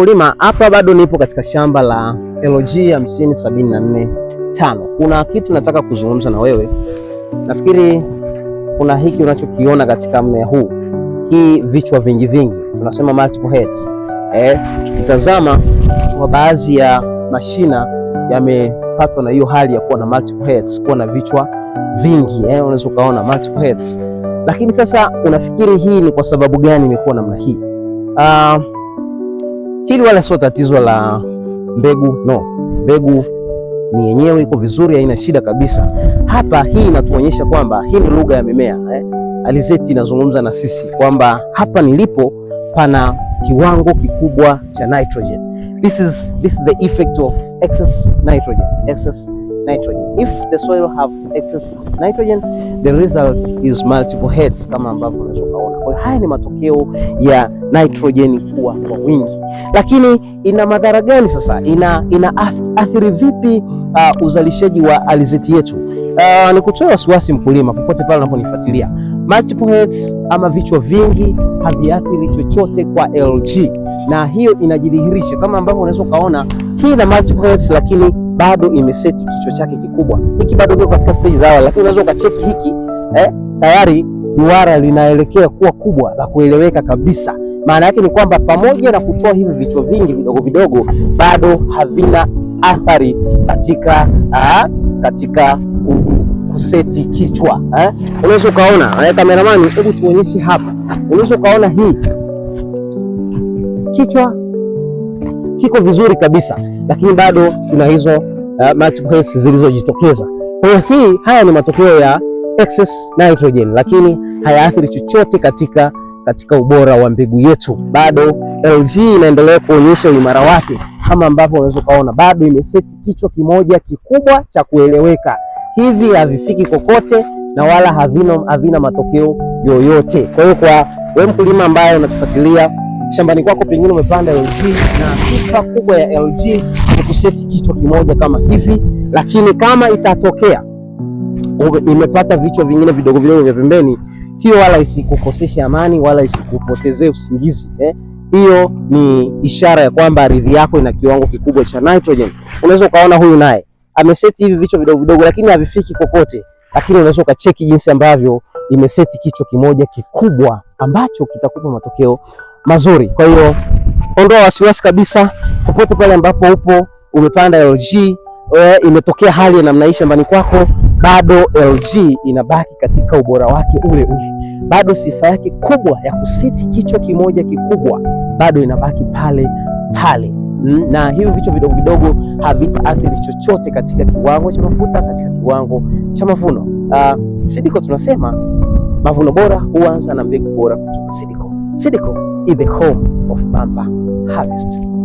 Kulima hapa bado nipo katika shamba la LG 50745. Kuna kitu nataka kuzungumza na wewe. Nafikiri kuna hiki unachokiona katika mmea huu, hii vichwa vingi vingi, tunasema multiple heads. Eh, tukitazama kwa baadhi ya mashina yamepatwa na hiyo hali ya kuwa na multiple heads, kuwa na vichwa vingi eh, unaweza ukaona multiple heads. Lakini sasa unafikiri hii ni kwa sababu gani imekuwa namna hii? Uh, Hili wala sio tatizo la mbegu, no, mbegu ni yenyewe iko vizuri, haina shida kabisa. Hapa hii inatuonyesha kwamba hii ni lugha ya mimea eh. Alizeti inazungumza na sisi kwamba hapa nilipo pana kiwango kikubwa cha nitrogen. This is, this is the effect of excess nitrogen. Excess nitrogen. If the soil have excess nitrogen, the result is multiple heads kama ambavyo unaweza kwa haya ni matokeo ya nitrojeni kuwa kwa wingi, lakini ina madhara gani sasa? Ina, ina athiri vipi uh, uzalishaji wa alizeti yetu? Uh, ni kutoa wasiwasi mkulima popote pale unaponifuatilia multiple heads ama vichwa vingi haviathiri chochote kwa LG, na hiyo inajidhihirisha kama ambavyo unaweza ukaona hii na multiple heads, lakini bado imeseti kichwa chake kikubwa. Hiki bado kiko katika stage za awali, lakini unaweza ukacheki hiki eh, tayari duara linaelekea kuwa kubwa la kueleweka kabisa. Maana yake ni kwamba pamoja na kutoa hivi vichwa vingi vidogo vidogo, bado havina athari katika aa, ah, katika kuseti kichwa eh? Unaweza ukaona eh, kameramani, hebu tuonyeshe hapa. Unaweza ukaona hii kichwa kiko vizuri kabisa, lakini bado tuna hizo uh, eh, multiple zilizojitokeza. Kwa hiyo hii haya ni matokeo ya excess nitrogen, lakini hayaathiri chochote katika, katika ubora wa mbegu yetu. Bado LG inaendelea kuonyesha uimara wake kama ambavyo unaweza ukaona, bado imeseti kichwa kimoja kikubwa cha kueleweka. Hivi havifiki kokote na wala havina, havina matokeo yoyote. Kwa hiyo kwa wewe mkulima ambaye unatufuatilia shambani kwako, pengine umepanda LG na sifa kubwa ya LG ni kuseti kichwa kimoja kama hivi, lakini kama itatokea imepata vichwa vingine vidogo vidogo vya pembeni hiyo wala isikukoseshe amani wala isikupotezee usingizi eh? Hiyo ni ishara ya kwamba ardhi yako ina kiwango kikubwa cha nitrogen. Unaweza ukaona huyu naye ameseti hivi vichwa vidogo vidogo, lakini havifiki kokote, lakini unaweza ukacheki jinsi ambavyo imeseti kichwa kimoja kikubwa ambacho kitakupa matokeo mazuri. Kwa hiyo ondoa wasiwasi kabisa, popote pale ambapo upo umepanda LG, eh, imetokea hali ya namna hii shambani kwako bado LG inabaki katika ubora wake ule ule, bado sifa yake kubwa ya kuseti kichwa kimoja kikubwa bado inabaki pale pale mm, na hivi vichwa vidogo vidogo havitaathiri chochote katika kiwango cha mafuta, katika kiwango cha mavuno. Uh, ah, Sidiko tunasema mavuno bora huanza na mbegu bora kutoka Sidiko. Sidiko is the home of bamba harvest.